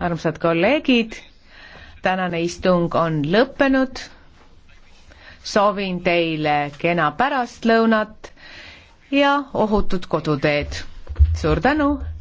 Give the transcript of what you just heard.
armsad kolleegid, tänane istung on lõppenud. soovin teile kena pärastlõunat ja ohutut koduteed. suur tänu